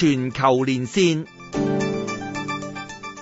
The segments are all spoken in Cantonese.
全球連線，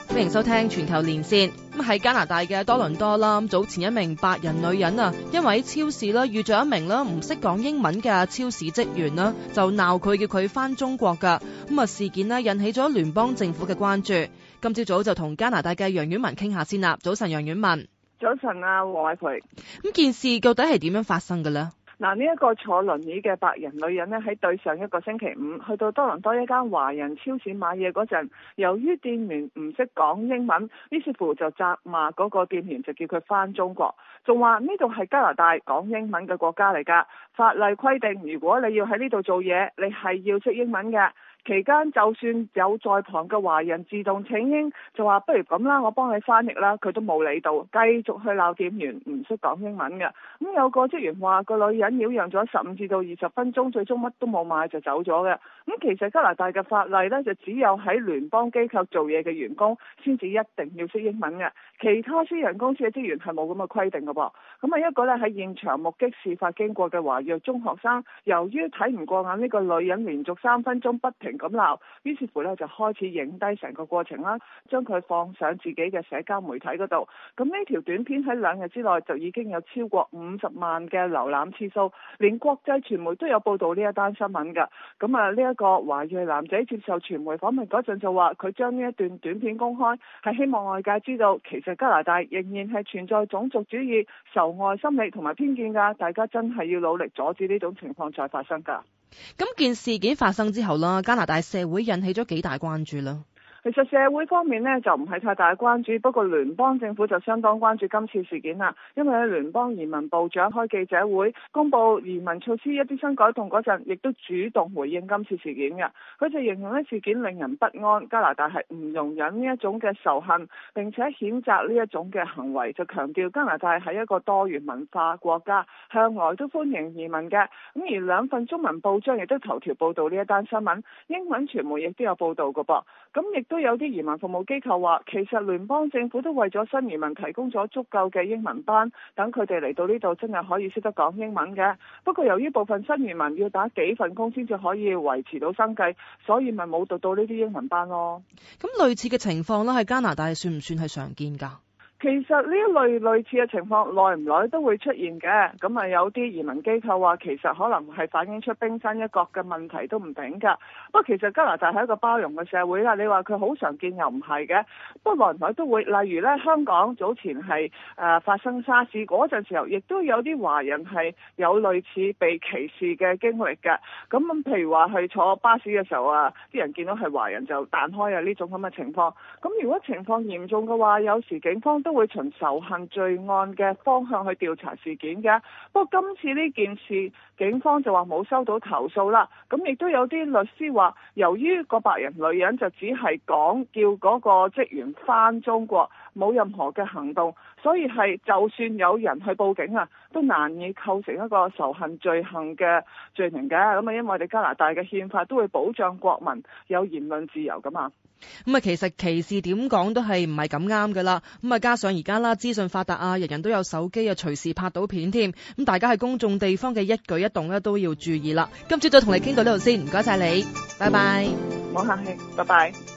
歡迎收聽全球連線。咁喺加拿大嘅多倫多啦，早前一名白人女人啊，因為喺超市啦遇著一名啦唔識講英文嘅超市職員啦，就鬧佢，叫佢返中國噶。咁啊事件呢引起咗聯邦政府嘅關注。今朝早就同加拿大嘅楊婉文傾下先啦。早晨，楊婉文。早晨啊，王慧蓓。咁件事到底係點樣發生嘅呢？嗱呢一個坐輪椅嘅白人女人咧，喺對上一個星期五去到多倫多一間華人超市買嘢嗰陣，由於店員唔識講英文，於是乎就責罵嗰個店員就叫佢返中國，仲話呢度係加拿大講英文嘅國家嚟㗎。法例規定，如果你要喺呢度做嘢，你係要識英文嘅。期間，就算有在旁嘅華人自動請纓，就話不如咁啦，我幫你翻譯啦，佢都冇理到，繼續去鬧店員唔識講英文嘅，咁有個職員話個女人。緊擾攘咗十五至到二十分鐘，最終乜都冇買，就走咗嘅。咁其實加拿大嘅法例呢，就只有喺聯邦機構做嘢嘅員工先至一定要識英文嘅，其他私人公司嘅職員係冇咁嘅規定嘅噃。咁啊一個呢，喺現場目擊事發經過嘅華裔中學生，由於睇唔過眼呢個女人連續三分鐘不停咁鬧，於是乎呢，就開始影低成個過程啦，將佢放上自己嘅社交媒體嗰度。咁呢條短片喺兩日之內就已經有超過五十萬嘅瀏覽次數，連國際傳媒都有報導呢一單新聞㗎。咁啊呢一個華裔男仔接受傳媒訪問嗰陣就話，佢將呢一段短片公開，係希望外界知道，其實加拿大仍然係存在種族主義、仇外心理同埋偏見噶，大家真係要努力阻止呢種情況再發生噶。咁，件事件發生之後啦，加拿大社會引起咗幾大關注啦。其實社會方面呢，就唔係太大嘅關注，不過聯邦政府就相當關注今次事件啦。因為喺聯邦移民部長開記者會公佈移民措施一啲新改動嗰陣，亦都主動回應今次事件嘅。佢就形容呢事件令人不安，加拿大係唔容忍呢一種嘅仇恨，並且譴責呢一種嘅行為，就強調加拿大係一個多元文化國家，向來都歡迎移民嘅。咁而兩份中文報章亦都頭條報導呢一單新聞，英文傳媒亦都有報導㗎噃。咁亦都。都有啲移民服務機構話，其實聯邦政府都為咗新移民提供咗足夠嘅英文班，等佢哋嚟到呢度真係可以識得講英文嘅。不過由於部分新移民要打幾份工先至可以維持到生計，所以咪冇讀到呢啲英文班咯。咁類似嘅情況咧，喺加拿大算唔算係常見㗎？其實呢一類類似嘅情況，耐唔耐都會出現嘅。咁啊，有啲移民機構話，其實可能係反映出冰山一角嘅問題都唔定㗎。不過其實加拿大係一個包容嘅社會啦。你話佢好常見又唔係嘅。不過耐唔耐都會，例如呢香港早前係誒、呃、發生沙士嗰陣時候，亦都有啲華人係有類似被歧視嘅經歷嘅。咁譬如話係坐巴士嘅時候啊，啲人見到係華人就彈開啊呢種咁嘅情況。咁如果情況嚴重嘅話，有時警方都會循仇恨罪案嘅方向去調查事件嘅。不過今次呢件事，警方就話冇收到投訴啦。咁亦都有啲律師話，由於個白人女人就只係講叫嗰個職員返中國。冇任何嘅行動，所以係就算有人去報警啊，都難以構成一個仇恨罪行嘅罪名㗎。咁啊，因為我哋加拿大嘅憲法都會保障國民有言論自由噶嘛。咁啊，其實歧視點講都係唔係咁啱噶啦。咁啊，加上而家啦資訊發達啊，人人都有手機啊，隨時拍到片添。咁大家喺公眾地方嘅一舉一動咧，都要注意啦。今朝早同你傾到呢度先，唔該晒你，拜拜。唔好客氣，拜拜。